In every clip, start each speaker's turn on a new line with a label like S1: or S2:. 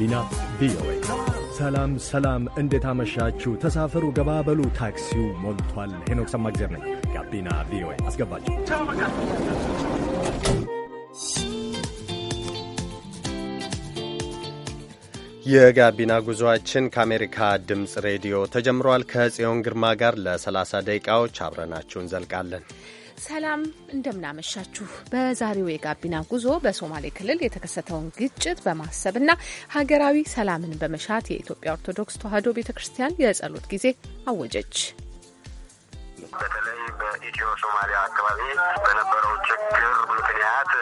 S1: ጋቢና ቪኦኤ። ሰላም ሰላም፣ እንዴት አመሻችሁ? ተሳፈሩ፣ ገባበሉ፣ ታክሲው ሞልቷል። ሄኖክ ሰማግዜር ነኝ። ጋቢና ቪኦኤ አስገባችሁ። የጋቢና ጉዞአችን ከአሜሪካ ድምፅ ሬዲዮ ተጀምሯል። ከጽዮን ግርማ ጋር ለ30 ደቂቃዎች አብረናችሁ እንዘልቃለን።
S2: ሰላም እንደምናመሻችሁ። በዛሬው የጋቢና ጉዞ በሶማሌ ክልል የተከሰተውን ግጭት በማሰብና ሀገራዊ ሰላምን በመሻት የኢትዮጵያ ኦርቶዶክስ ተዋሕዶ ቤተ ክርስቲያን የጸሎት ጊዜ አወጀች።
S3: በተለይ በኢትዮ ሶማሊያ አካባቢ በነበረው ችግር ምክንያት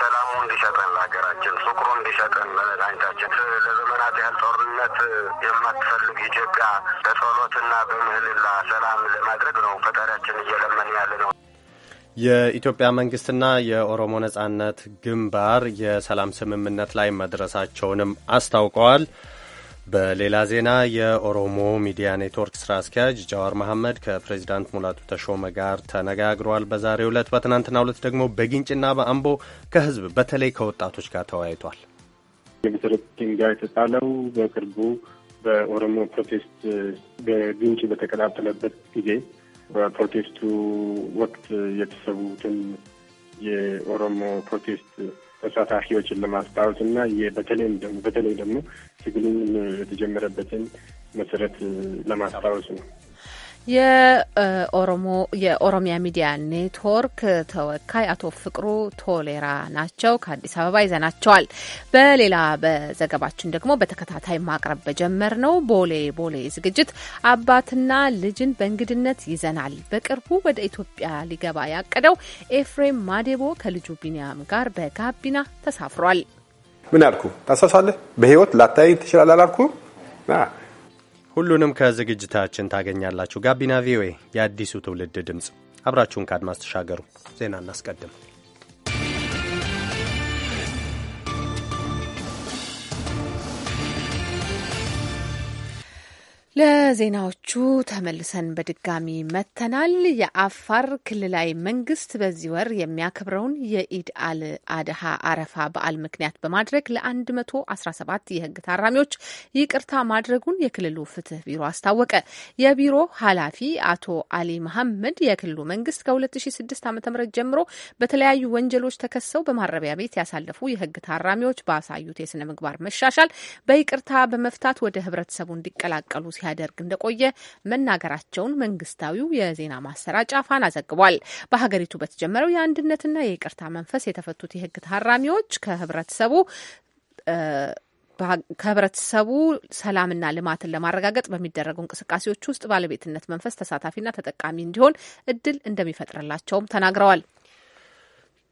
S3: ሰላሙ እንዲሰጠን ለሀገራችን ፍቅሩ እንዲሰጠን መድኃኒታችን ለዘመናት ያህል ጦርነት የማትፈልግ ኢትዮጵያ በጸሎትና በምህልላ ሰላም
S1: ለማድረግ ነው ፈጣሪያችን እየለመን ያለ ነው። የኢትዮጵያ መንግስትና የኦሮሞ ነጻነት ግንባር የሰላም ስምምነት ላይ መድረሳቸውንም አስታውቀዋል። በሌላ ዜና የኦሮሞ ሚዲያ ኔትወርክ ስራ አስኪያጅ ጃዋር መሐመድ ከፕሬዚዳንት ሙላቱ ተሾመ ጋር ተነጋግሯል። በዛሬው ዕለት በትናንትናው ዕለት ደግሞ በግንጭና በአምቦ ከህዝብ በተለይ ከወጣቶች ጋር ተወያይቷል።
S3: የመሰረት ድንጋይ የተጣለው በቅርቡ በኦሮሞ ፕሮቴስት በግንጭ በተቀጣጠለበት ጊዜ በፕሮቴስቱ ወቅት የተሰዉትን የኦሮሞ ፕሮቴስት ተሳታፊዎችን ለማስታወስ እና በተለይ ደግሞ ትግሉን የተጀመረበትን መሰረት ለማስታወስ ነው።
S2: የኦሮሞ የኦሮሚያ ሚዲያ ኔትወርክ ተወካይ አቶ ፍቅሩ ቶሌራ ናቸው። ከአዲስ አበባ ይዘናቸዋል። በሌላ በዘገባችን ደግሞ በተከታታይ ማቅረብ በጀመር ነው ቦሌ ቦሌ ዝግጅት አባትና ልጅን በእንግድነት ይዘናል። በቅርቡ ወደ ኢትዮጵያ ሊገባ ያቀደው ኤፍሬም ማዴቦ ከልጁ ቢንያም ጋር በጋቢና ተሳፍሯል።
S4: ምን አልኩ ታሳሳለህ? በህይወት ላታይ ትችላል አላልኩ
S1: ሁሉንም ከዝግጅታችን ታገኛላችሁ። ጋቢና ቪኦኤ የአዲሱ ትውልድ ድምፅ። አብራችሁን ከአድማስ ተሻገሩ። ዜና እናስቀድም።
S2: ለዜናዎቹ ተመልሰን በድጋሚ መተናል። የአፋር ክልላዊ መንግስት በዚህ ወር የሚያከብረውን የኢድ አል አድሃ አረፋ በዓል ምክንያት በማድረግ ለ117 የህግ ታራሚዎች ይቅርታ ማድረጉን የክልሉ ፍትህ ቢሮ አስታወቀ። የቢሮ ኃላፊ አቶ አሊ መሐመድ የክልሉ መንግስት ከ2006 ዓ.ም ጀምሮ በተለያዩ ወንጀሎች ተከሰው በማረቢያ ቤት ያሳለፉ የህግ ታራሚዎች ባሳዩት የስነ ምግባር መሻሻል በይቅርታ በመፍታት ወደ ህብረተሰቡ እንዲቀላቀሉ ሲያደርግ እንደቆየ መናገራቸውን መንግስታዊው የዜና ማሰራጫ ፋና ዘግቧል። በሀገሪቱ በተጀመረው የአንድነትና የይቅርታ መንፈስ የተፈቱት የህግ ታራሚዎች ከህብረተሰቡ ከህብረተሰቡ ሰላምና ልማትን ለማረጋገጥ በሚደረጉ እንቅስቃሴዎች ውስጥ ባለቤትነት መንፈስ ተሳታፊና ተጠቃሚ እንዲሆን እድል እንደሚፈጥርላቸውም ተናግረዋል።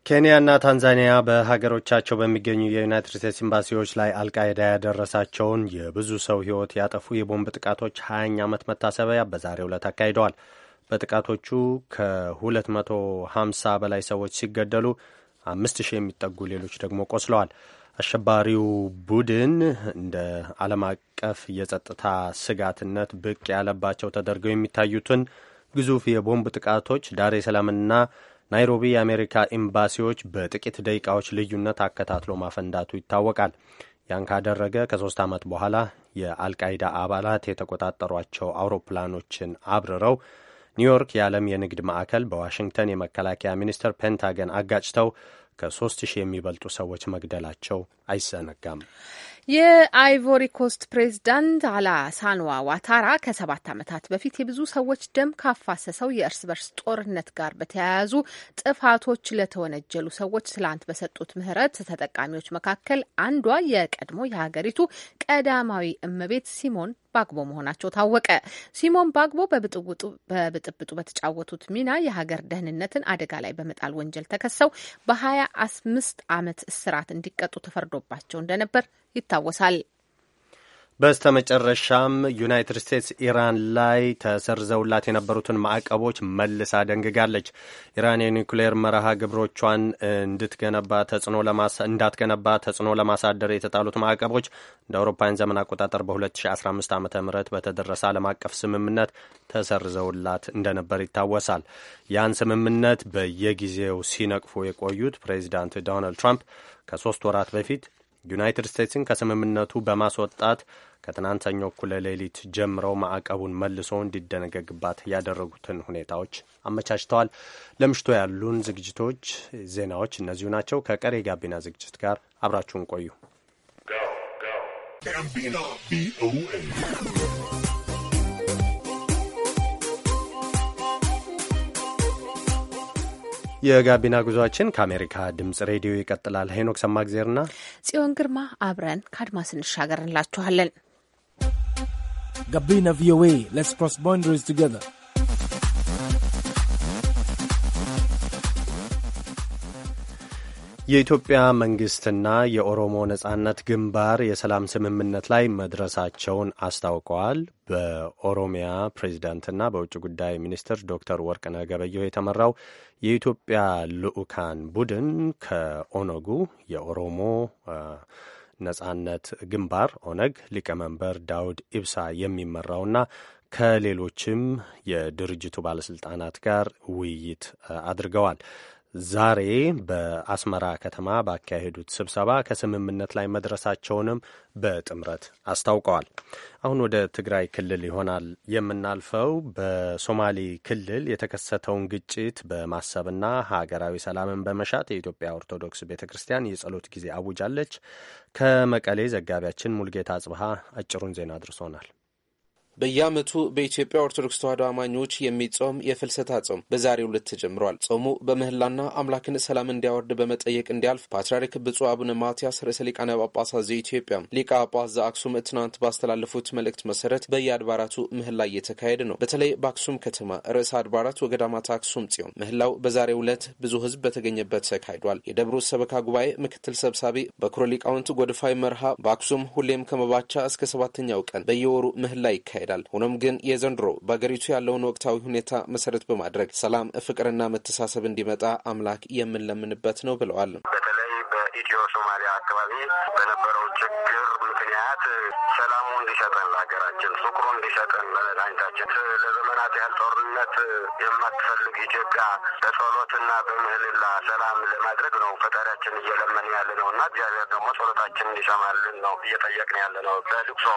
S1: ኬንያና ታንዛኒያ በሀገሮቻቸው በሚገኙ የዩናይትድ ስቴትስ ኤምባሲዎች ላይ አልቃይዳ ያደረሳቸውን የብዙ ሰው ሕይወት ያጠፉ የቦምብ ጥቃቶች ሀያኛ ዓመት መታሰቢያ በዛሬው ዕለት አካሂደዋል። በጥቃቶቹ ከ250 በላይ ሰዎች ሲገደሉ 5000 የሚጠጉ ሌሎች ደግሞ ቆስለዋል። አሸባሪው ቡድን እንደ ዓለም አቀፍ የጸጥታ ስጋትነት ብቅ ያለባቸው ተደርገው የሚታዩትን ግዙፍ የቦምብ ጥቃቶች ዳሬ ሰላምና ናይሮቢ የአሜሪካ ኤምባሲዎች በጥቂት ደቂቃዎች ልዩነት አከታትሎ ማፈንዳቱ ይታወቃል። ያን ካደረገ ከሶስት ዓመት በኋላ የአልቃይዳ አባላት የተቆጣጠሯቸው አውሮፕላኖችን አብርረው ኒውዮርክ የዓለም የንግድ ማዕከል በዋሽንግተን የመከላከያ ሚኒስቴር ፔንታገን አጋጭተው ከሶስት ሺህ የሚበልጡ ሰዎች መግደላቸው አይዘነጋም።
S2: የአይቮሪ ኮስት ፕሬዝዳንት አላሳንዋ ዋታራ ከሰባት ዓመታት በፊት የብዙ ሰዎች ደም ካፋሰሰው የእርስ በርስ ጦርነት ጋር በተያያዙ ጥፋቶች ለተወነጀሉ ሰዎች ትላንት በሰጡት ምህረት ተጠቃሚዎች መካከል አንዷ የቀድሞ የሀገሪቱ ቀዳማዊ እመቤት ሲሞን ባግቦ መሆናቸው ታወቀ። ሲሞን ባግቦ በብጥብጡ በተጫወቱት ሚና የሀገር ደህንነትን አደጋ ላይ በመጣል ወንጀል ተከሰው በሀያ አምስት ዓመት እስራት እንዲቀጡ ተፈርዶባቸው እንደነበር ይታወሳል።
S1: በስተ መጨረሻም ዩናይትድ ስቴትስ ኢራን ላይ ተሰርዘውላት የነበሩትን ማዕቀቦች መልሳ ደንግጋለች። ኢራን የኒውክሌር መርሃ ግብሮቿን እንድትገነባ ተጽዕኖ እንዳትገነባ ተጽዕኖ ለማሳደር የተጣሉት ማዕቀቦች እንደ አውሮፓውያን ዘመን አቆጣጠር በ2015 ዓ ም በተደረሰ ዓለም አቀፍ ስምምነት ተሰርዘውላት እንደነበር ይታወሳል። ያን ስምምነት በየጊዜው ሲነቅፉ የቆዩት ፕሬዚዳንት ዶናልድ ትራምፕ ከሶስት ወራት በፊት ዩናይትድ ስቴትስን ከስምምነቱ በማስወጣት ከትናንት ሰኞ እኩለ ሌሊት ጀምረው ማዕቀቡን መልሶ እንዲደነገግባት ያደረጉትን ሁኔታዎች አመቻችተዋል። ለምሽቶ ያሉን ዝግጅቶች፣ ዜናዎች እነዚሁ ናቸው። ከቀሪ ጋቢና ዝግጅት ጋር አብራችሁን ቆዩ። የጋቢና ጉዟችን ከአሜሪካ ድምጽ ሬዲዮ ይቀጥላል። ሄኖክ ሰማግዜርና
S2: ጽዮን ግርማ አብረን ከአድማስ እንሻገር እንላችኋለን።
S5: ጋቢና ቪኦኤ ሌትስ ክሮስ ባውንደሪስ ቱጌዘር
S1: የኢትዮጵያ መንግስትና የኦሮሞ ነጻነት ግንባር የሰላም ስምምነት ላይ መድረሳቸውን አስታውቀዋል። በኦሮሚያ ፕሬዚዳንትና በውጭ ጉዳይ ሚኒስትር ዶክተር ወርቅነህ ገበየሁ የተመራው የኢትዮጵያ ልዑካን ቡድን ከኦነጉ የኦሮሞ ነጻነት ግንባር ኦነግ ሊቀመንበር ዳውድ ኢብሳ የሚመራውና ከሌሎችም የድርጅቱ ባለስልጣናት ጋር ውይይት አድርገዋል። ዛሬ በአስመራ ከተማ ባካሄዱት ስብሰባ ከስምምነት ላይ መድረሳቸውንም በጥምረት አስታውቀዋል። አሁን ወደ ትግራይ ክልል ይሆናል የምናልፈው። በሶማሌ ክልል የተከሰተውን ግጭት በማሰብና ሀገራዊ ሰላምን በመሻት የኢትዮጵያ ኦርቶዶክስ ቤተ ክርስቲያን የጸሎት ጊዜ አውጃለች። ከመቀሌ ዘጋቢያችን ሙልጌታ አጽብሃ አጭሩን ዜና አድርሶናል።
S5: በየዓመቱ በኢትዮጵያ ኦርቶዶክስ ተዋሕዶ አማኞች የሚጾም የፍልሰታ ጾም በዛሬው ዕለት ተጀምሯል። ጾሙ በምህላና አምላክን ሰላም እንዲያወርድ በመጠየቅ እንዲያልፍ ፓትርያርክ ብፁዕ አቡነ ማትያስ ርዕሰ ሊቃነ ጳጳሳት ዘኢትዮጵያ ሊቀ ጳጳስ ዘአክሱም ትናንት ባስተላለፉት መልእክት መሰረት በየአድባራቱ ምህላ እየተካሄደ ነው። በተለይ በአክሱም ከተማ ርዕሰ አድባራት ወገዳማት አክሱም ጽዮን ምህላው በዛሬው ዕለት ብዙ ህዝብ በተገኘበት ተካሂዷል። የደብሩ ሰበካ ጉባኤ ምክትል ሰብሳቢ በኩረ ሊቃውንት ጎድፋይ መርሃ በአክሱም ሁሌም ከመባቻ እስከ ሰባተኛው ቀን በየወሩ ምህላ ይካሄዳል። ይካሄዳል። ሆኖም ግን የዘንድሮ በአገሪቱ ያለውን ወቅታዊ ሁኔታ መሰረት በማድረግ ሰላም፣ ፍቅርና መተሳሰብ እንዲመጣ አምላክ የምንለምንበት ነው ብለዋል። በተለይ በኢትዮ ሶማሊያ አካባቢ በነበረው ችግር ምክንያት
S3: ሰላሙ እንዲሰጠን ለሀገር ለሁላችን ፍቅሩ እንዲሰጠን መድኃኒታችን ለዘመናት ያህል ጦርነት የማትፈልግ ኢትዮጵያ በጸሎትና በምህልላ ሰላም ለማድረግ ነው ፈጣሪያችን እየለመን ያለ ነው እና እግዚአብሔር ደግሞ ጸሎታችን እንዲሰማልን ነው እየጠየቅን
S5: ያለ ነው። በልቅሶ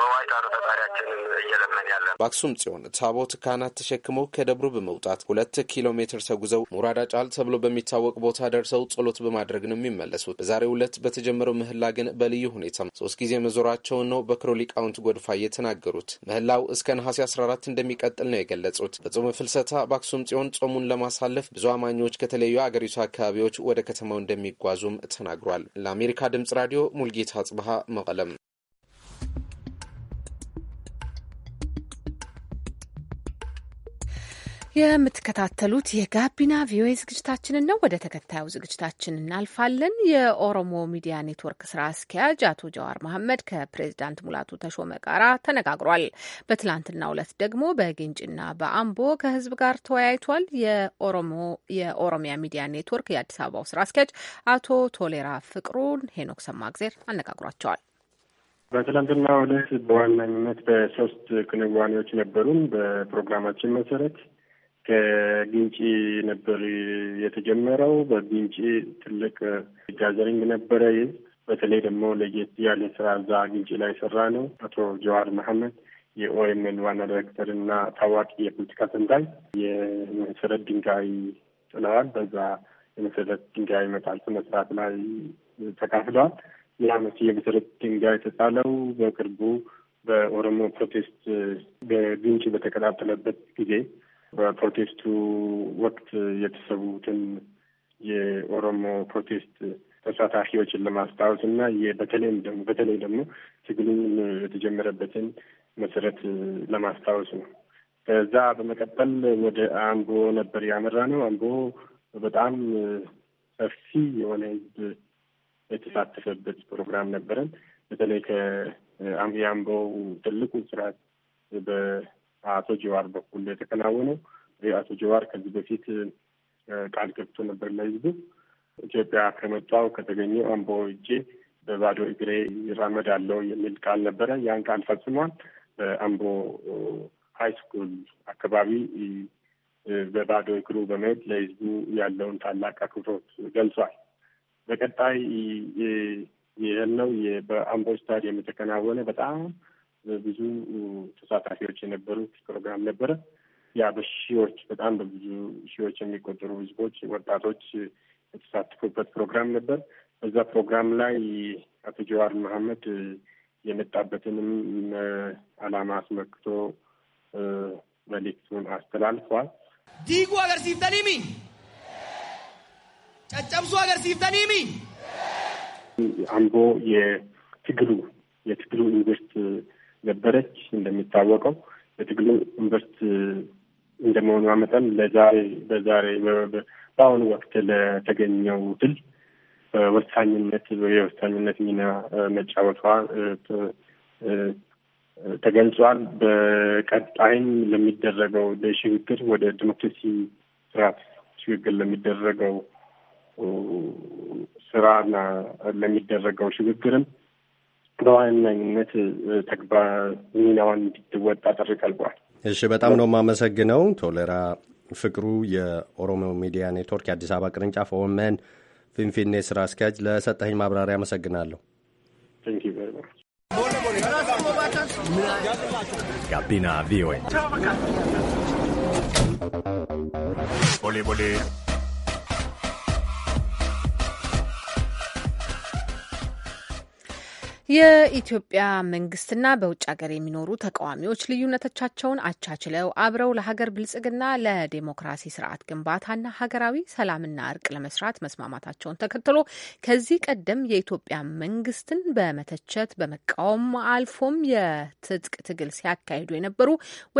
S5: በዋይታ ፈጣሪያችንን እየለመን ያለ ነው። በአክሱም ጽዮን ታቦት ካህናት ተሸክመው ከደብሩ በመውጣት ሁለት ኪሎ ሜትር ተጉዘው ሙራዳ ጫል ተብሎ በሚታወቅ ቦታ ደርሰው ጸሎት በማድረግ ነው የሚመለሱት። በዛሬው ዕለት በተጀመረው ምህላ ግን በልዩ ሁኔታ ሶስት ጊዜ መዞራቸውን ነው በክሮሊቃውንት ጎድፋ ጎድፋየት የተናገሩት። ምህላው እስከ ነሐሴ 14 እንደሚቀጥል ነው የገለጹት። በጾመ ፍልሰታ በአክሱም ጽዮን ጾሙን ለማሳለፍ ብዙ አማኞች ከተለያዩ አገሪቱ አካባቢዎች ወደ ከተማው እንደሚጓዙም ተናግሯል። ለአሜሪካ ድምጽ ራዲዮ ሙልጌታ ጽብሃ መቀለም
S2: የምትከታተሉት የጋቢና ቪኦኤ ዝግጅታችንን ነው። ወደ ተከታዩ ዝግጅታችን እናልፋለን። የኦሮሞ ሚዲያ ኔትወርክ ስራ አስኪያጅ አቶ ጀዋር መሐመድ ከፕሬዚዳንት ሙላቱ ተሾመ ጋራ ተነጋግሯል። በትላንትናው ዕለት ደግሞ በግንጭና በአምቦ ከህዝብ ጋር ተወያይቷል። የኦሮሞ የኦሮሚያ ሚዲያ ኔትወርክ የአዲስ አበባው ስራ አስኪያጅ አቶ ቶሌራ ፍቅሩን ሄኖክ ሰማግዜር አነጋግሯቸዋል።
S3: በትላንትና ዕለት በዋናነት በሶስት ክንዋኔዎች ነበሩን በፕሮግራማችን መሰረት ከግንጪ ነበር የተጀመረው። በግንጪ ትልቅ ጋዘሪንግ ነበረ። በተለይ ደግሞ ለየት ያለ ስራ እዛ ግንጪ ላይ የሰራ ነው አቶ ጀዋር መሐመድ የኦኤምኤን ዋና ዳይሬክተር እና ታዋቂ የፖለቲካ ተንታኝ የመሰረት ድንጋይ ጥለዋል። በዛ የመሰረት ድንጋይ መጣል ስነስርዓት ላይ ተካፍለዋል። ያ የመሰረት ድንጋይ የተጣለው በቅርቡ በኦሮሞ ፕሮቴስት በግንጭ በተቀጣጠለበት ጊዜ በፕሮቴስቱ ወቅት የተሰዉትን የኦሮሞ ፕሮቴስት ተሳታፊዎችን ለማስታወስ እና በተለይም ደግሞ በተለይ ደግሞ ትግሉን የተጀመረበትን መሰረት ለማስታወስ ነው። ከዛ በመቀጠል ወደ አምቦ ነበር ያመራ ነው። አምቦ በጣም ሰፊ የሆነ ህዝብ የተሳተፈበት ፕሮግራም ነበረን። በተለይ ከአምቦ ትልቁ ስርዓት በአቶ ጀዋር በኩል የተከናወነው። አቶ ጀዋር ከዚህ በፊት ቃል ገብቶ ነበር ለህዝቡ ኢትዮጵያ ከመጣው ከተገኘው አምቦ እጄ በባዶ እግሬ ይራመዳለው የሚል ቃል ነበረ። ያን ቃል ፈጽሟል። በአምቦ ሀይ ስኩል አካባቢ በባዶ እግሩ በመሄድ ለህዝቡ ያለውን ታላቅ አክብሮት ገልጿል። በቀጣይ ነው በአምቦ ስታዲየም የተከናወነ በጣም ብዙ ተሳታፊዎች የነበሩት ፕሮግራም ነበረ። ያ በሺዎች በጣም በብዙ ሺዎች የሚቆጠሩ ህዝቦች፣ ወጣቶች የተሳተፉበት ፕሮግራም ነበር። በዛ ፕሮግራም ላይ አቶ ጀዋር መሐመድ የመጣበትንም አላማ አስመልክቶ መልእክቱን አስተላልፏል።
S6: ዲጉ ሀገር ሲፍተኒሚ ጨጨምሱ ሀገር ሲፍተኒሚ
S3: አምቦ የትግሉ የትግሉ ኢንቨስት ነበረች። እንደሚታወቀው የትግሉ ዩኒቨርስቲ እንደመሆኗ መጠን ለዛሬ በዛሬ በአሁኑ ወቅት ለተገኘው ድል ወሳኝነት የወሳኝነት ሚና መጫወቷ ተገልጿል። በቀጣይም ለሚደረገው ለሽግግር ወደ ዲሞክራሲ ስርዓት ሽግግር ለሚደረገው ስራና ለሚደረገው ሽግግርም በዋነኝነት ተግባር ሚናዋን እንድትወጣ ጥሪ ቀልቧል። እሺ፣ በጣም ነው
S1: የማመሰግነው። ቶሌራ ፍቅሩ የኦሮሞ ሚዲያ ኔትወርክ የአዲስ አበባ ቅርንጫፍ ኦመን ፊንፊኔ ስራ አስኪያጅ ለሰጠኝ ማብራሪያ አመሰግናለሁ። ጋቢና ቪኦኤ
S2: የኢትዮጵያ መንግስትና በውጭ ሀገር የሚኖሩ ተቃዋሚዎች ልዩነቶቻቸውን አቻችለው አብረው ለሀገር ብልጽግና ለዴሞክራሲ ስርዓት ግንባታና ሀገራዊ ሰላምና እርቅ ለመስራት መስማማታቸውን ተከትሎ ከዚህ ቀደም የኢትዮጵያ መንግስትን በመተቸት በመቃወም አልፎም የትጥቅ ትግል ሲያካሂዱ የነበሩ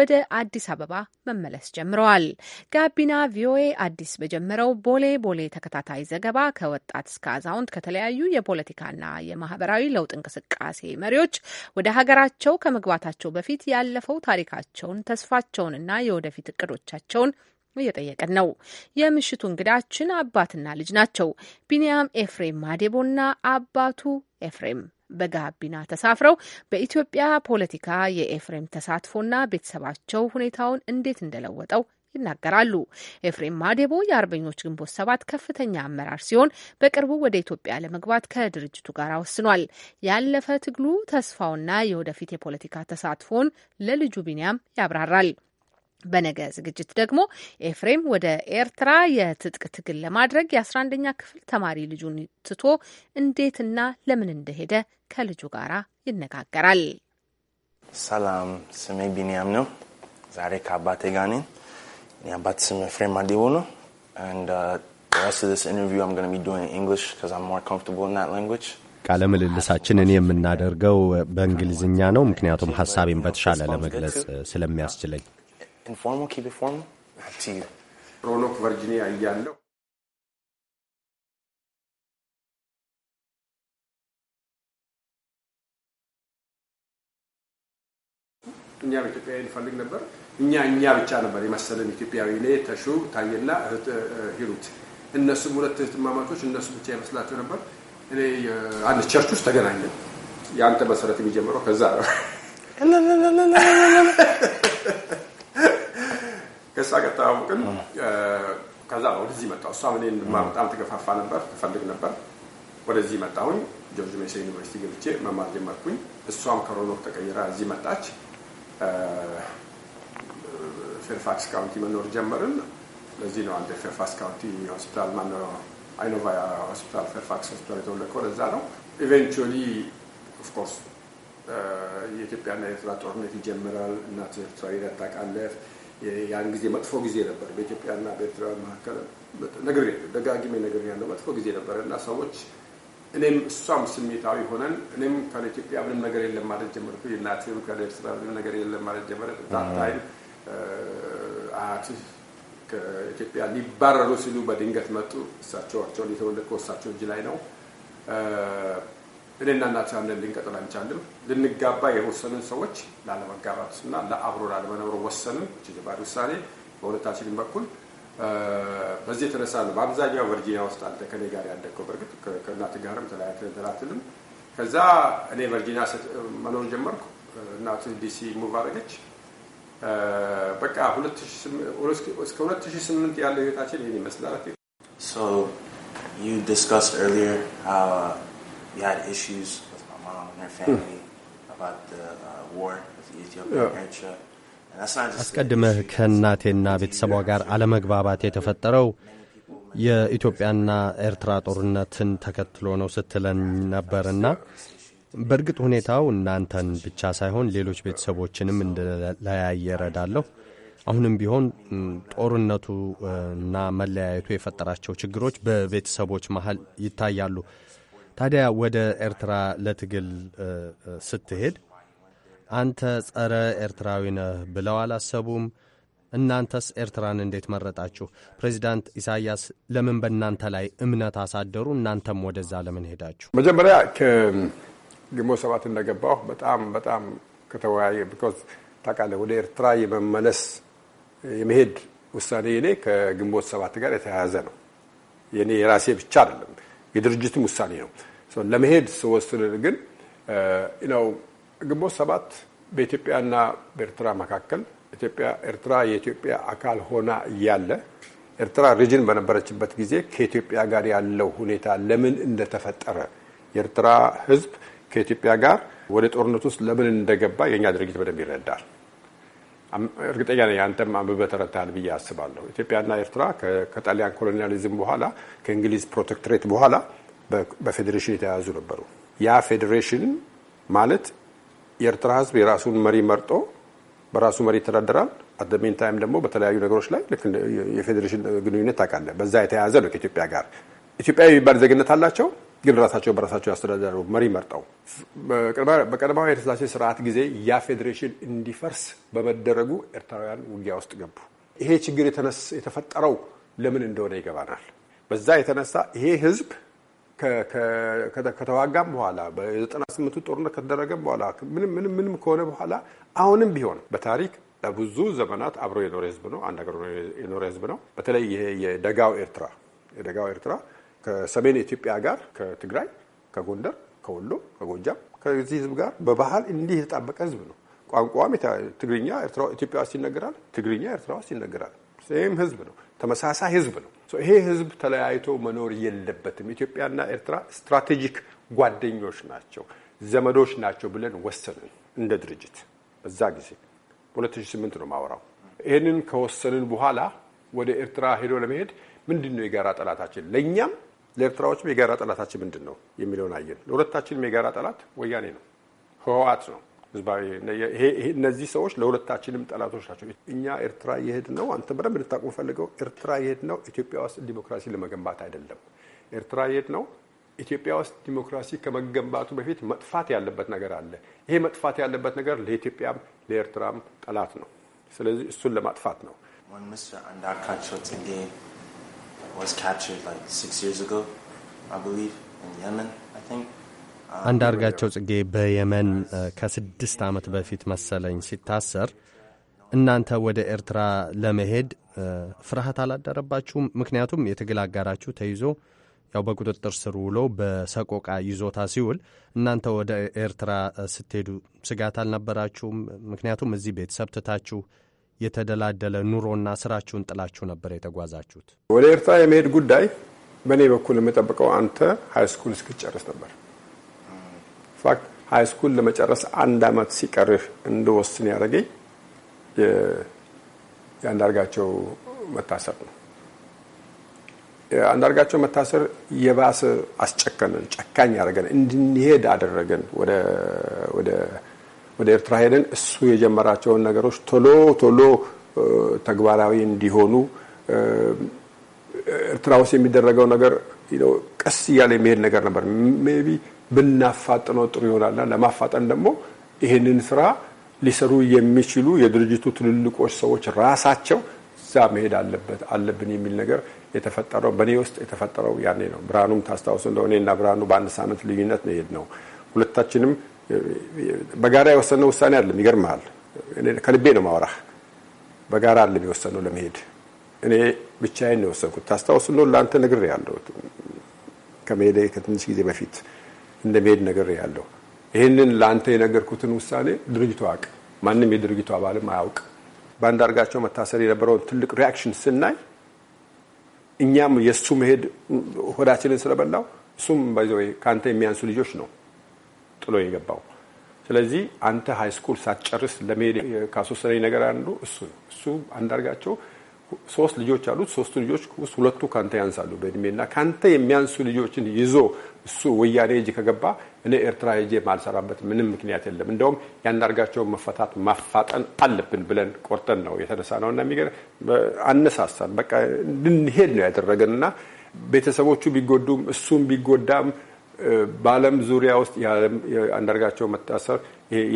S2: ወደ አዲስ አበባ መመለስ ጀምረዋል። ጋቢና ቪኦኤ አዲስ በጀመረው ቦሌ ቦሌ ተከታታይ ዘገባ ከወጣት እስከ አዛውንት ከተለያዩ የፖለቲካና የማህበራዊ ለውጥ እንቅስ እንቅስቃሴ መሪዎች ወደ ሀገራቸው ከመግባታቸው በፊት ያለፈው ታሪካቸውን፣ ተስፋቸውንና የወደፊት እቅዶቻቸውን እየጠየቀን ነው። የምሽቱ እንግዳችን አባትና ልጅ ናቸው። ቢንያም ኤፍሬም ማዴቦና አባቱ ኤፍሬም በጋቢና ተሳፍረው በኢትዮጵያ ፖለቲካ የኤፍሬም ተሳትፎና ቤተሰባቸው ሁኔታውን እንዴት እንደለወጠው ይናገራሉ። ኤፍሬም ማዴቦ የአርበኞች ግንቦት ሰባት ከፍተኛ አመራር ሲሆን በቅርቡ ወደ ኢትዮጵያ ለመግባት ከድርጅቱ ጋር ወስኗል። ያለፈ ትግሉ ተስፋውና የወደፊት የፖለቲካ ተሳትፎን ለልጁ ቢንያም ያብራራል። በነገ ዝግጅት ደግሞ ኤፍሬም ወደ ኤርትራ የትጥቅ ትግል ለማድረግ የ11ኛ ክፍል ተማሪ ልጁን ትቶ እንዴትና ለምን እንደሄደ ከልጁ ጋር ይነጋገራል።
S5: ሰላም፣ ስሜ ቢንያም ነው። ዛሬ ከአባቴ ጋር ነኝ። Yeah, I'm about to frame my diuno, and uh, the rest of this interview I'm going to be doing in English because I'm more comfortable in that language.
S1: ቃለ ምልልሳችን እኔ የምናደርገው በእንግሊዝኛ ነው፣ ምክንያቱም ሀሳቤን በተሻለ ለመግለጽ ስለሚያስችለኝ።
S4: ሮኖክ ቨርጂኒያ እያለሁ እኛ በኢትዮጵያ ልፈልግ ነበር እኛ እኛ ብቻ ነበር የመሰለን ኢትዮጵያዊ። እኔ ተሹ ታየና ሂሩት እነሱም ሁለት እህትማማቾች እነሱ ብቻ ይመስላቸው ነበር። እኔ አንድ ቸርች ውስጥ ተገናኘን። የአንተ መሰረት የሚጀምረው ከዛ ነው። ከእሷ ጋር ከዛ ነው ወደዚህ መጣሁ። እሷ እኔን በጣም ተገፋፋ ነበር፣ ትፈልግ ነበር። ወደዚህ መጣሁኝ። ጆርጅ ሜሰን ዩኒቨርሲቲ ገብቼ መማር ጀመርኩኝ። እሷም ከሮኖክ ተቀይራ እዚህ መጣች። ፌርፋክስ ካውንቲ መኖር ጀመርን። ለዚህ ነው አንድ ፌርፋክስ ካውንቲ ሆስፒታል ማነው አይኖቫያ ሆስፒታል ፌርፋክስ ሆስፒታል የተወለቀው ለዛ ነው። ኢቨንቹዋሊ ኦፍኮርስ የኢትዮጵያና የኤርትራ ጦርነት ይጀምራል። እናት ኤርትራዊ ታውቃለህ። ያን ጊዜ መጥፎ ጊዜ ነበር በኢትዮጵያና በኤርትራ መካከል። ነግሬ ደጋግሜ ነገር ያለው መጥፎ ጊዜ ነበር እና ሰዎች እኔም እሷም ስሜታዊ ሆነን እኔም ከኢትዮጵያ ምንም ነገር የለም ማለት ጀመርኩ። እናትም ከኤርትራ ምንም ነገር የለም ማለት ጀመረ። ታይም አያት ከኢትዮጵያ ሊባረሩ ሲሉ በድንገት መጡ። እሳቸው አቸውን የተወለድከው እሳቸው እጅ ላይ ነው። እኔና እናት ያለን ልንቀጥል አንቻልም። ልንጋባ የወሰንን ሰዎች ላለመጋባት እና ለአብሮ ላለመኖር ወሰንን። ባድ ውሳኔ በሁለታችንም በኩል በዚህ የተነሳ ነው በአብዛኛው ቨርጂኒያ ውስጥ አንተ ከኔ ጋር ያደግከው። በእርግጥ ከእናት ጋርም ተለያይተን ተላትልም። ከዛ እኔ ቨርጂኒያ መኖር ጀመርኩ። እናት ዲሲ ሙቭ አደረገች። በቃ እስከ 2008 ያለው ህይወታችን ይህን ይመስላል።
S1: So you discussed earlier how you had issues with my
S4: mom and her family about the uh, war with Ethiopia and Eritrea.
S1: አስቀድመህ ከእናቴና ቤተሰቧ ጋር አለመግባባት የተፈጠረው የኢትዮጵያና ኤርትራ ጦርነትን ተከትሎ ነው ስትለን ነበርና በእርግጥ ሁኔታው እናንተን ብቻ ሳይሆን ሌሎች ቤተሰቦችንም እንደለያየ እረዳለሁ። አሁንም ቢሆን ጦርነቱ እና መለያየቱ የፈጠራቸው ችግሮች በቤተሰቦች መሀል ይታያሉ። ታዲያ ወደ ኤርትራ ለትግል ስትሄድ አንተ ጸረ ኤርትራዊ ነህ ብለው አላሰቡም? እናንተስ ኤርትራን እንዴት መረጣችሁ? ፕሬዚዳንት ኢሳያስ ለምን በእናንተ ላይ እምነት አሳደሩ? እናንተም ወደዛ ለምን ሄዳችሁ?
S4: መጀመሪያ ግንቦት ሰባት እንደገባሁ በጣም በጣም ከተወያየ ቢኮዝ ታውቃለህ ወደ ኤርትራ የመመለስ የመሄድ ውሳኔ እኔ ከግንቦት ሰባት ጋር የተያያዘ ነው። የኔ የራሴ ብቻ አይደለም፣ የድርጅትም ውሳኔ ነው። ለመሄድ ስወስን ግን ነው uh, ግንቦት ሰባት በኢትዮጵያና በኤርትራ መካከል ኤርትራ የኢትዮጵያ አካል ሆና እያለ ኤርትራ ሪጅን በነበረችበት ጊዜ ከኢትዮጵያ ጋር ያለው ሁኔታ ለምን እንደተፈጠረ የኤርትራ ሕዝብ ከኢትዮጵያ ጋር ወደ ጦርነት ውስጥ ለምን እንደገባ የእኛ ድርጊት በደንብ ይረዳል። እርግጠኛ ነኝ አንተም አንብበህ ተረድተሃል ብዬ አስባለሁ። ኢትዮጵያና ኤርትራ ከጣሊያን ኮሎኒያሊዝም በኋላ ከእንግሊዝ ፕሮቴክትሬት በኋላ በፌዴሬሽን የተያያዙ ነበሩ። ያ ፌዴሬሽን ማለት የኤርትራ ሕዝብ የራሱን መሪ መርጦ በራሱ መሪ ይተዳደራል። አደሜን ታይም ደግሞ በተለያዩ ነገሮች ላይ ልክ የፌዴሬሽን ግንኙነት ታውቃለህ። በዛ የተያያዘ ነው ከኢትዮጵያ ጋር። ኢትዮጵያዊ የሚባል ዜግነት አላቸው። ግን ራሳቸውን በራሳቸው ያስተዳደሩ መሪ መርጠው በቀዳማዊ ኃይለሥላሴ ስርዓት ጊዜ ያ ፌዴሬሽን እንዲፈርስ በመደረጉ ኤርትራውያን ውጊያ ውስጥ ገቡ። ይሄ ችግር የተፈጠረው ለምን እንደሆነ ይገባናል። በዛ የተነሳ ይሄ ህዝብ ከተዋጋም በኋላ በ98 ጦርነት ከተደረገም በኋላ ምንም ምንም ምንም ከሆነ በኋላ አሁንም ቢሆን በታሪክ ለብዙ ዘመናት አብሮ የኖረ ህዝብ ነው። አንድ ሀገር የኖረ ህዝብ ነው። በተለይ የደጋው ኤርትራ የደጋው ኤርትራ ከሰሜን ኢትዮጵያ ጋር ከትግራይ፣ ከጎንደር፣ ከወሎ፣ ከጎጃም ከዚህ ህዝብ ጋር በባህል እንዲህ የተጣበቀ ህዝብ ነው። ቋንቋም ትግርኛ ኢትዮጵያ ውስጥ ይነገራል፣ ትግርኛ ኤርትራ ውስጥ ይነገራል። ሴም ህዝብ ነው። ተመሳሳይ ህዝብ ነው። ይሄ ህዝብ ተለያይቶ መኖር የለበትም። ኢትዮጵያና ኤርትራ ስትራቴጂክ ጓደኞች ናቸው፣ ዘመዶች ናቸው ብለን ወሰንን እንደ ድርጅት በዛ ጊዜ 2008 ነው ማወራው። ይህንን ከወሰንን በኋላ ወደ ኤርትራ ሄዶ ለመሄድ ምንድን ነው የጋራ ጠላታችን ለእኛም ለኤርትራዎችም የጋራ ጠላታችን ምንድን ነው የሚለውን አየን። ለሁለታችንም የጋራ ጠላት ወያኔ ነው፣ ህወሓት ነው። ህዝባዊ እነዚህ ሰዎች ለሁለታችንም ጠላቶች ናቸው። እኛ ኤርትራ የሄድ ነው አንተ በደንብ እንድታውቁ ፈልገው ኤርትራ የሄድ ነው ኢትዮጵያ ውስጥ ዲሞክራሲ ለመገንባት አይደለም። ኤርትራ የሄድ ነው ኢትዮጵያ ውስጥ ዲሞክራሲ ከመገንባቱ በፊት መጥፋት ያለበት ነገር አለ። ይሄ መጥፋት ያለበት ነገር ለኢትዮጵያም ለኤርትራም ጠላት ነው። ስለዚህ እሱን ለማጥፋት ነው።
S1: አንዳርጋቸው ጽጌ በየመን uh, ከስድስት ዓመት በፊት መሰለኝ ሲታሰር እናንተ ወደ ኤርትራ ለመሄድ uh, ፍርሃት አላደረባችሁም? ምክንያቱም የትግል አጋራችሁ ተይዞ ያው በቁጥጥር ስር ውሎ በሰቆቃ ይዞታ ሲውል እናንተ ወደ ኤርትራ uh, ስትሄዱ ስጋት አልነበራችሁም? ምክንያቱም እዚህ ቤተሰብ ትታችሁ የተደላደለ ኑሮና ስራችሁን
S4: ጥላችሁ ነበር የተጓዛችሁት። ወደ ኤርትራ የመሄድ ጉዳይ በእኔ በኩል የምጠብቀው አንተ ሀይ ስኩል እስክትጨርስ ነበር። ፋክት ሀይ ስኩል ለመጨረስ አንድ አመት ሲቀርህ እንደወስን ያደረገኝ የአንዳርጋቸው መታሰር ነው። አንዳርጋቸው መታሰር የባሰ አስጨከነን፣ ጨካኝ ያደረገን፣ እንድንሄድ አደረገን ወደ ወደ ኤርትራ ሄደን እሱ የጀመራቸውን ነገሮች ቶሎ ቶሎ ተግባራዊ እንዲሆኑ ኤርትራ ውስጥ የሚደረገው ነገር ቀስ እያለ የሚሄድ ነገር ነበር። ሜይ ቢ ብናፋጥነው ጥሩ ይሆናልና ለማፋጠን ደግሞ ይህንን ስራ ሊሰሩ የሚችሉ የድርጅቱ ትልልቆች ሰዎች ራሳቸው እዛ መሄድ አለበት አለብን የሚል ነገር የተፈጠረው በእኔ ውስጥ የተፈጠረው ያኔ ነው። ብርሃኑም ታስታውሱ እንደሆነ እና ብርሃኑ በአንድ ሳምንት ልዩነት ነው የሄድነው። ሁለታችንም በጋራ የወሰነው ውሳኔ አይደለም። ይገርመሃል፣ ከልቤ ነው ማውራህ። በጋራ አይደለም የወሰነው ለመሄድ እኔ ብቻዬን ነው የወሰንኩት። ታስታውሱ ነው ለአንተ ነግሬ ያለው ከመሄደ ከትንሽ ጊዜ በፊት እንደመሄድ ነግሬ ያለው። ይህንን ለአንተ የነገርኩትን ውሳኔ ድርጅቱ አያውቅ፣ ማንም የድርጅቱ አባልም አያውቅ። በአንዳርጋቸው መታሰር የነበረውን ትልቅ ሪያክሽን ስናይ እኛም የእሱ መሄድ ሆዳችንን ስለበላው እሱም ባይዘ ከአንተ የሚያንሱ ልጆች ነው ጥሎ የገባው። ስለዚህ አንተ ሀይ ስኩል ሳትጨርስ ለመሄድ ካስወሰነኝ ነገር አንዱ እሱ ነው። እሱ አንዳርጋቸው ሶስት ልጆች አሉት። ሶስቱ ልጆች ውስጥ ሁለቱ ካንተ ያንሳሉ በእድሜና ካንተ የሚያንሱ ልጆችን ይዞ እሱ ወያኔ እጅ ከገባ እኔ ኤርትራ ሄጄ ማልሰራበት ምንም ምክንያት የለም። እንደውም ያንዳርጋቸውን መፈታት ማፋጠን አለብን ብለን ቆርጠን ነው የተነሳ ነው እና የሚገር አነሳሳን። በቃ እንድንሄድ ነው ያደረገን እና ቤተሰቦቹ ቢጎዱም እሱም ቢጎዳም በዓለም ዙሪያ ውስጥ አንዳርጋቸው መታሰር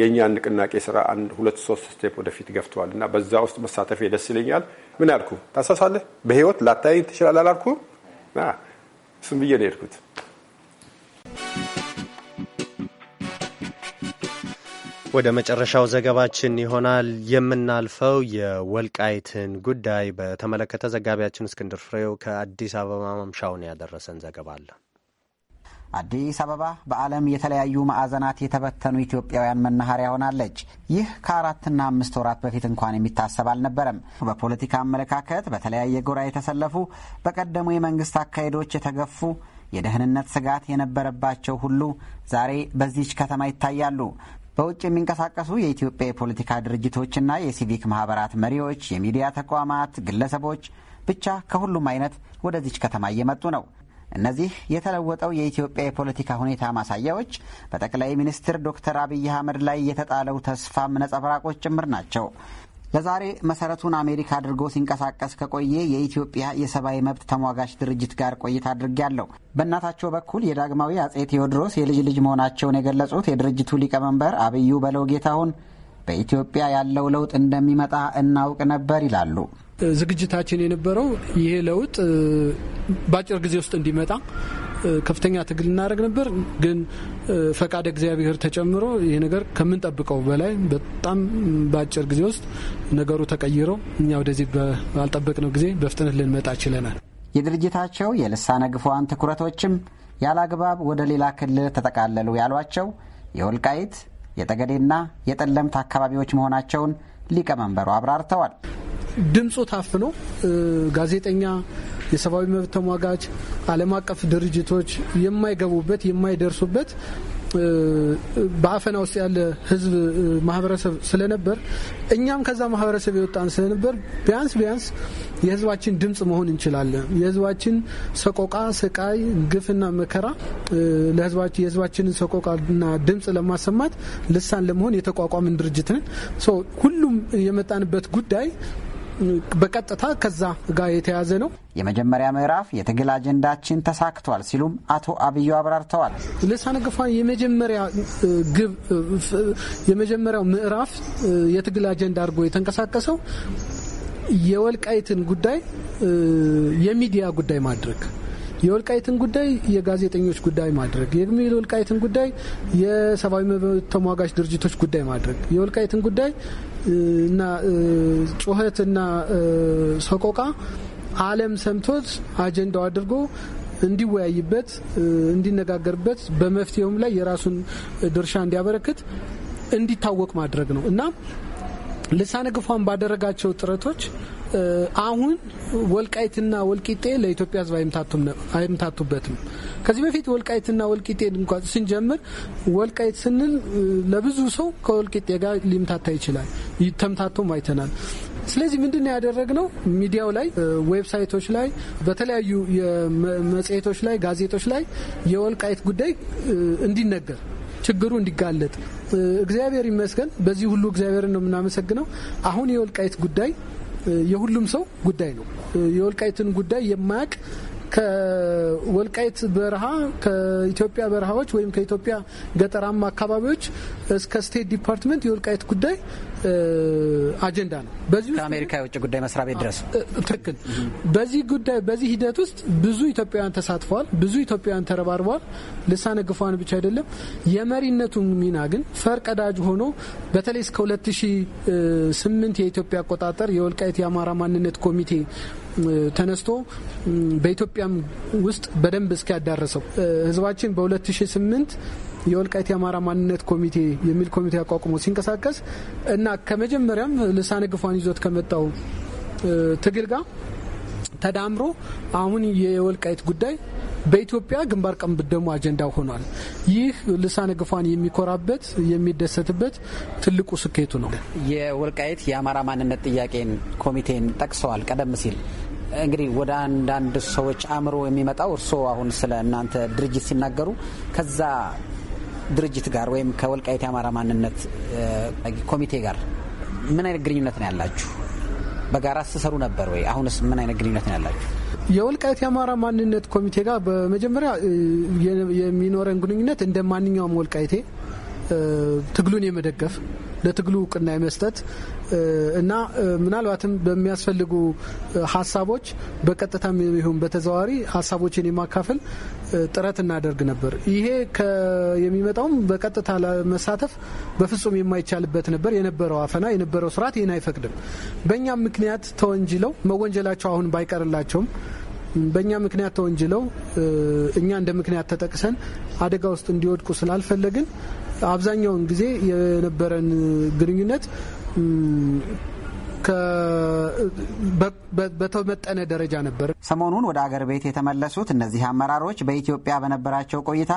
S4: የእኛ ንቅናቄ ስራ አንድ ሁለት ሶስት ስቴፕ ወደፊት ገፍተዋል እና በዛ ውስጥ መሳተፍ ደስ ይለኛል። ምን አልኩ ታሳሳለህ በህይወት ላታይ ትችላል አላልኩ እሱም ብዬ ነው የሄድኩት።
S1: ወደ መጨረሻው ዘገባችን ይሆናል የምናልፈው። የወልቃይትን ጉዳይ በተመለከተ ዘጋቢያችን እስክንድር ፍሬው ከአዲስ አበባ ማምሻውን ያደረሰን ዘገባ አለ።
S6: አዲስ አበባ በዓለም የተለያዩ ማዕዘናት የተበተኑ ኢትዮጵያውያን መናኸሪያ ሆናለች። ይህ ከአራትና አምስት ወራት በፊት እንኳን የሚታሰብ አልነበረም። በፖለቲካ አመለካከት በተለያየ ጎራ የተሰለፉ፣ በቀደሙ የመንግስት አካሄዶች የተገፉ፣ የደህንነት ስጋት የነበረባቸው ሁሉ ዛሬ በዚች ከተማ ይታያሉ። በውጭ የሚንቀሳቀሱ የኢትዮጵያ የፖለቲካ ድርጅቶችና የሲቪክ ማህበራት መሪዎች፣ የሚዲያ ተቋማት፣ ግለሰቦች ብቻ ከሁሉም አይነት ወደዚች ከተማ እየመጡ ነው። እነዚህ የተለወጠው የኢትዮጵያ የፖለቲካ ሁኔታ ማሳያዎች በጠቅላይ ሚኒስትር ዶክተር አብይ አህመድ ላይ የተጣለው ተስፋም ነጸብራቆች ጭምር ናቸው። ለዛሬ መሰረቱን አሜሪካ አድርጎ ሲንቀሳቀስ ከቆየ የኢትዮጵያ የሰብአዊ መብት ተሟጋች ድርጅት ጋር ቆይታ አድርጌያለሁ። በእናታቸው በኩል የዳግማዊ አጼ ቴዎድሮስ የልጅ ልጅ መሆናቸውን የገለጹት የድርጅቱ ሊቀመንበር አብዩ በለው ጌታሁን በኢትዮጵያ ያለው ለውጥ እንደሚመጣ እናውቅ ነበር ይላሉ።
S7: ዝግጅታችን የነበረው ይሄ ለውጥ በአጭር ጊዜ ውስጥ እንዲመጣ ከፍተኛ ትግል እናደረግ ነበር። ግን ፈቃድ እግዚአብሔር ተጨምሮ ይህ ነገር ከምንጠብቀው በላይ በጣም በአጭር ጊዜ ውስጥ ነገሩ ተቀይሮ እኛ ወደዚህ ባልጠበቅነው ጊዜ በፍጥነት ልንመጣ ችለናል።
S6: የድርጅታቸው የልሳነ ግፏን ትኩረቶችም አግባብ ወደ ሌላ ክልል ተጠቃለሉ ያሏቸው የወልቃይት የጠገዴና የጠለምት አካባቢዎች መሆናቸውን ሊቀመንበሩ አብራርተዋል። ድምፁ ታፍኖ
S7: ጋዜጠኛ፣ የሰብአዊ መብት ተሟጋች፣ ዓለም አቀፍ ድርጅቶች የማይገቡበት የማይደርሱበት በአፈና ውስጥ ያለ ህዝብ ማህበረሰብ ስለነበር እኛም ከዛ ማህበረሰብ የወጣን ስለነበር ቢያንስ ቢያንስ የህዝባችን ድምፅ መሆን እንችላለን። የህዝባችን ሰቆቃ፣ ስቃይ፣ ግፍና መከራ የህዝባችንን ሰቆቃና ድምፅ ለማሰማት ልሳን ለመሆን የተቋቋምን ድርጅት ነን። ሁሉም የመጣንበት ጉዳይ በቀጥታ ከዛ
S6: ጋር የተያዘ ነው። የመጀመሪያ ምዕራፍ የትግል አጀንዳችን ተሳክቷል ሲሉም አቶ አብዩ
S7: አብራርተዋል። ልሳነ ገፋን የመጀመሪያ ግብ የመጀመሪያው ምዕራፍ የትግል አጀንዳ አድርጎ የተንቀሳቀሰው የወልቃይትን ጉዳይ የሚዲያ ጉዳይ ማድረግ የወልቃይትን ጉዳይ የጋዜጠኞች ጉዳይ ማድረግ የሚል ወልቃይትን ጉዳይ የሰብአዊ መብት ተሟጋች ድርጅቶች ጉዳይ ማድረግ የወልቃይትን ጉዳይ እና ጩኸት እና ሰቆቃ ዓለም ሰምቶት አጀንዳው አድርጎ እንዲወያይበት፣ እንዲነጋገርበት በመፍትሄውም ላይ የራሱን ድርሻ እንዲያበረክት እንዲታወቅ ማድረግ ነው እና ልሳነ ግፏን ባደረጋቸው ጥረቶች አሁን ወልቃይትና ወልቂጤ ለኢትዮጵያ ሕዝብ አይምታቱበትም። ከዚህ በፊት ወልቃይትና ወልቂጤ እንኳ ስንጀምር ወልቃይት ስንል ለብዙ ሰው ከወልቂጤ ጋር ሊምታታ ይችላል። ተምታቶም አይተናል። ስለዚህ ምንድን ነው ያደረግነው? ሚዲያው ላይ፣ ዌብሳይቶች ላይ፣ በተለያዩ መጽሔቶች ላይ፣ ጋዜጦች ላይ የወልቃይት ጉዳይ እንዲነገር ችግሩ እንዲጋለጥ እግዚአብሔር ይመስገን። በዚህ ሁሉ እግዚአብሔርን ነው የምናመሰግነው። አሁን የወልቃይት ጉዳይ የሁሉም ሰው ጉዳይ ነው። የወልቃይትን ጉዳይ የማያውቅ ከወልቃይት በረሃ ከኢትዮጵያ በረሃዎች ወይም ከኢትዮጵያ ገጠራማ አካባቢዎች እስከ ስቴት ዲፓርትመንት የወልቃይት ጉዳይ አጀንዳ ነው።
S6: በዚህ ከአሜሪካ የውጭ ጉዳይ መስሪያ ቤት ድረስ
S7: ትክክል። በዚህ ጉዳይ በዚህ ሂደት ውስጥ ብዙ ኢትዮጵያውያን ተሳትፈዋል። ብዙ ኢትዮጵያውያን ተረባርበዋል። ልሳነ ግፏን ብቻ አይደለም። የመሪነቱ ሚና ግን ፈርቀዳጅ ሆኖ በተለይ እስከ 2008 የኢትዮጵያ አቆጣጠር የወልቃይት የአማራ ማንነት ኮሚቴ ተነስቶ በኢትዮጵያም ውስጥ በደንብ እስኪያዳረሰው ህዝባችን በ2008 የወልቃይት የአማራ ማንነት ኮሚቴ የሚል ኮሚቴ አቋቁሞ ሲንቀሳቀስ እና ከመጀመሪያም ልሳነ ግፏን ይዞት ከመጣው ትግል ጋር ተዳምሮ አሁን የወልቃይት ጉዳይ በኢትዮጵያ ግንባር ቀደም ደግሞ አጀንዳ ሆኗል። ይህ ልሳነ ግፏን የሚኮራበት የሚደሰትበት ትልቁ ስኬቱ ነው።
S6: የወልቃይት የአማራ ማንነት ጥያቄን ኮሚቴን ጠቅሰዋል ቀደም ሲል እንግዲህ ወደ አንዳንድ ሰዎች አእምሮ የሚመጣው እርስዎ አሁን ስለ እናንተ ድርጅት ሲናገሩ ከዛ ድርጅት ጋር ወይም ከወልቃይት የአማራ ማንነት ኮሚቴ ጋር ምን አይነት ግንኙነት ነው ያላችሁ? በጋራ ስትሰሩ ነበር ወይ? አሁንስ ምን አይነት ግንኙነት ነው ያላችሁ?
S7: የወልቃይት የአማራ ማንነት ኮሚቴ ጋር በመጀመሪያ የሚኖረን ግንኙነት እንደ ማንኛውም ወልቃይቴ ትግሉን የመደገፍ ለትግሉ እውቅና የመስጠት እና ምናልባትም በሚያስፈልጉ ሀሳቦች በቀጥታም ይሁን በተዘዋዋሪ ሀሳቦችን የማካፈል ጥረት እናደርግ ነበር። ይሄ የሚመጣውም በቀጥታ ለመሳተፍ በፍጹም የማይቻልበት ነበር። የነበረው አፈና የነበረው ስርዓት ይህን አይፈቅድም። በእኛም ምክንያት ተወንጅለው መወንጀላቸው አሁን ባይቀርላቸውም በእኛ ምክንያት ተወንጅለው እኛ እንደ ምክንያት ተጠቅሰን አደጋ ውስጥ እንዲወድቁ ስላልፈለግን አብዛኛውን ጊዜ የነበረን ግንኙነት
S6: በተመጠነ ደረጃ ነበር። ሰሞኑን ወደ አገር ቤት የተመለሱት እነዚህ አመራሮች በኢትዮጵያ በነበራቸው ቆይታ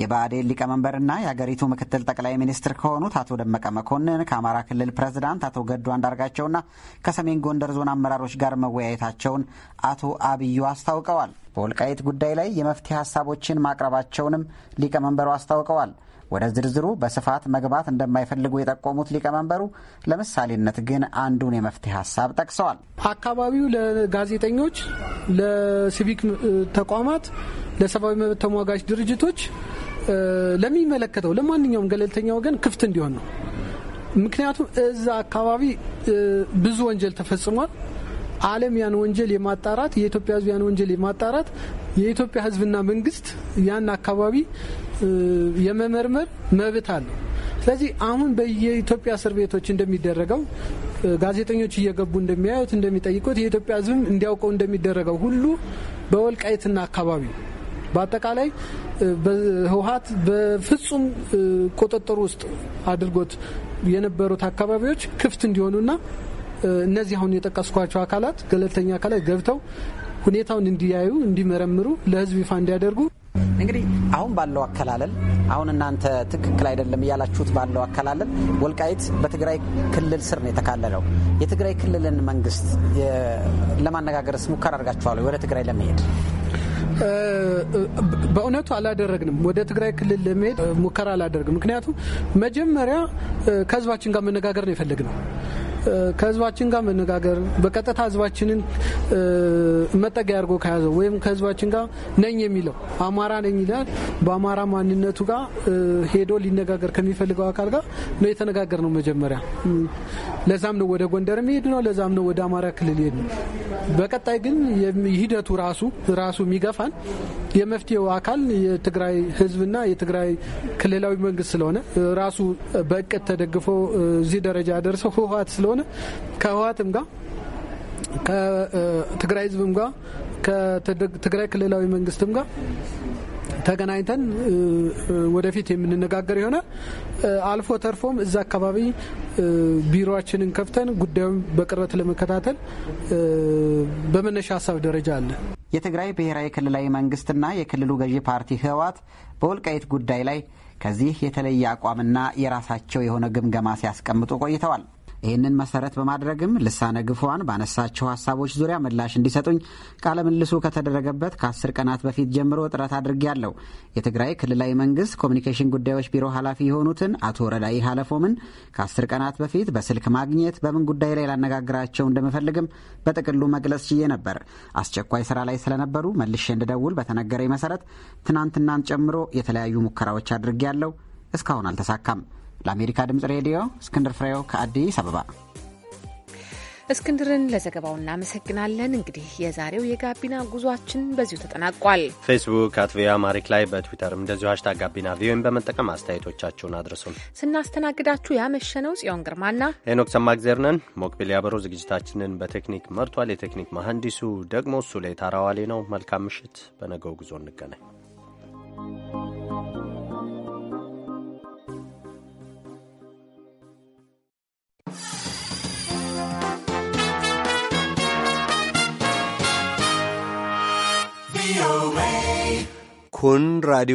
S6: የብአዴን ሊቀመንበርና የአገሪቱ ምክትል ጠቅላይ ሚኒስትር ከሆኑት አቶ ደመቀ መኮንን ከአማራ ክልል ፕሬዝዳንት አቶ ገዱ አንዳርጋቸውና ከሰሜን ጎንደር ዞን አመራሮች ጋር መወያየታቸውን አቶ አብዩ አስታውቀዋል። በወልቃይት ጉዳይ ላይ የመፍትሄ ሀሳቦችን ማቅረባቸውንም ሊቀመንበሩ አስታውቀዋል። ወደ ዝርዝሩ በስፋት መግባት እንደማይፈልጉ የጠቆሙት ሊቀመንበሩ ለምሳሌነት ግን አንዱን የመፍትሄ ሀሳብ ጠቅሰዋል። አካባቢው
S7: ለጋዜጠኞች፣ ለሲቪክ ተቋማት፣ ለሰብአዊ መብት ተሟጋች ድርጅቶች፣ ለሚመለከተው ለማንኛውም ገለልተኛ ወገን ክፍት እንዲሆን ነው። ምክንያቱም እዛ አካባቢ ብዙ ወንጀል ተፈጽሟል። ዓለም ያን ወንጀል የማጣራት የኢትዮጵያ ሕዝብ ያን ወንጀል የማጣራት የኢትዮጵያ ሕዝብና መንግስት ያን አካባቢ የመመርመር መብት አለው። ስለዚህ አሁን በየኢትዮጵያ እስር ቤቶች እንደሚደረገው ጋዜጠኞች እየገቡ እንደሚያዩት እንደሚጠይቁት የኢትዮጵያ ህዝብም እንዲያውቀው እንደሚደረገው ሁሉ በወልቃይትና አካባቢ በአጠቃላይ ህወሀት በፍጹም ቁጥጥር ውስጥ አድርጎት የነበሩት አካባቢዎች ክፍት እንዲሆኑና እነዚህ አሁን የጠቀስኳቸው አካላት ገለልተኛ አካላት ገብተው ሁኔታውን እንዲያዩ፣ እንዲመረምሩ፣ ለህዝብ ይፋ እንዲያደርጉ እንግዲህ
S6: አሁን ባለው አከላለል አሁን እናንተ ትክክል አይደለም እያላችሁት ባለው አከላለል ወልቃይት በትግራይ ክልል ስር ነው የተካለለው። የትግራይ ክልልን መንግስት ለማነጋገርስ ሙከራ አድርጋችኋል ወደ ትግራይ ለመሄድ?
S7: በእውነቱ አላደረግንም። ወደ ትግራይ ክልል ለመሄድ ሙከራ አላደርግም። ምክንያቱም መጀመሪያ ከህዝባችን ጋር መነጋገር ነው የፈለግነው። ከህዝባችን ጋር መነጋገር በቀጥታ ህዝባችንን መጠጊያ አድርጎ ከያዘው ወይም ከህዝባችን ጋር ነኝ የሚለው አማራ ነኝ ይላል በአማራ ማንነቱ ጋር ሄዶ ሊነጋገር ከሚፈልገው አካል ጋር ነው የተነጋገር ነው መጀመሪያ። ለዛም ነው ወደ ጎንደር የሚሄድ ነው። ለዛም ነው ወደ አማራ ክልል ሄድ ነው። በቀጣይ ግን ሂደቱ ራሱ ራሱ የሚገፋን የመፍትሄው አካል የትግራይ ህዝብና የትግራይ ክልላዊ መንግስት ስለሆነ ራሱ በእቅድ ተደግፎ እዚህ ደረጃ ደርሰው ህወሀት ስለሆነ ስለሆነ ከህወሀትም ጋር ከትግራይ ህዝብም ጋር ከትግራይ ክልላዊ መንግስትም ጋር ተገናኝተን ወደፊት የምንነጋገር ይሆናል። አልፎ ተርፎም እዛ አካባቢ ቢሮችንን ከፍተን ጉዳዩን በቅርበት ለመከታተል በመነሻ ሀሳብ ደረጃ አለ።
S6: የትግራይ ብሔራዊ ክልላዊ መንግስትና የክልሉ ገዢ ፓርቲ ህወሓት በወልቃይት ጉዳይ ላይ ከዚህ የተለየ አቋምና የራሳቸው የሆነ ግምገማ ሲያስቀምጡ ቆይተዋል። ይህንን መሰረት በማድረግም ልሳነ ግፏን ባነሳቸው ሀሳቦች ዙሪያ ምላሽ እንዲሰጡኝ ቃለ ምልሱ ከተደረገበት ከአስር ቀናት በፊት ጀምሮ ጥረት አድርጌያለሁ። የትግራይ ክልላዊ መንግስት ኮሚኒኬሽን ጉዳዮች ቢሮ ኃላፊ የሆኑትን አቶ ረዳኢ ሀለፎምን ከአስር ቀናት በፊት በስልክ ማግኘት፣ በምን ጉዳይ ላይ ላነጋግራቸው እንደምፈልግም በጥቅሉ መግለጽ ችዬ ነበር። አስቸኳይ ስራ ላይ ስለነበሩ መልሼ እንድደውል በተነገረኝ መሰረት ትናንትናን ጨምሮ የተለያዩ ሙከራዎች አድርጌያለሁ። እስካሁን አልተሳካም። ለአሜሪካ ድምፅ ሬዲዮ እስክንድር ፍሬው ከአዲስ አበባ።
S2: እስክንድርን ለዘገባው እናመሰግናለን። እንግዲህ የዛሬው የጋቢና ጉዟችን በዚሁ ተጠናቋል።
S1: ፌስቡክ አት ቪኦኤ አማሪክ ላይ በትዊተርም እንደዚሁ ሀሽታግ ጋቢና ቪኦኤን በመጠቀም አስተያየቶቻችሁን አድርሱን።
S2: ስናስተናግዳችሁ ያመሸነው ጽዮን ግርማና
S1: ሄኖክ ሰማግዜር ነን። ሞክቢል ያበሮ ዝግጅታችንን በቴክኒክ መርቷል። የቴክኒክ መሐንዲሱ ደግሞ ላይ ታራዋሌ ነው። መልካም ምሽት። በነገው ጉዞ እንገናኝ። away. Kun Radio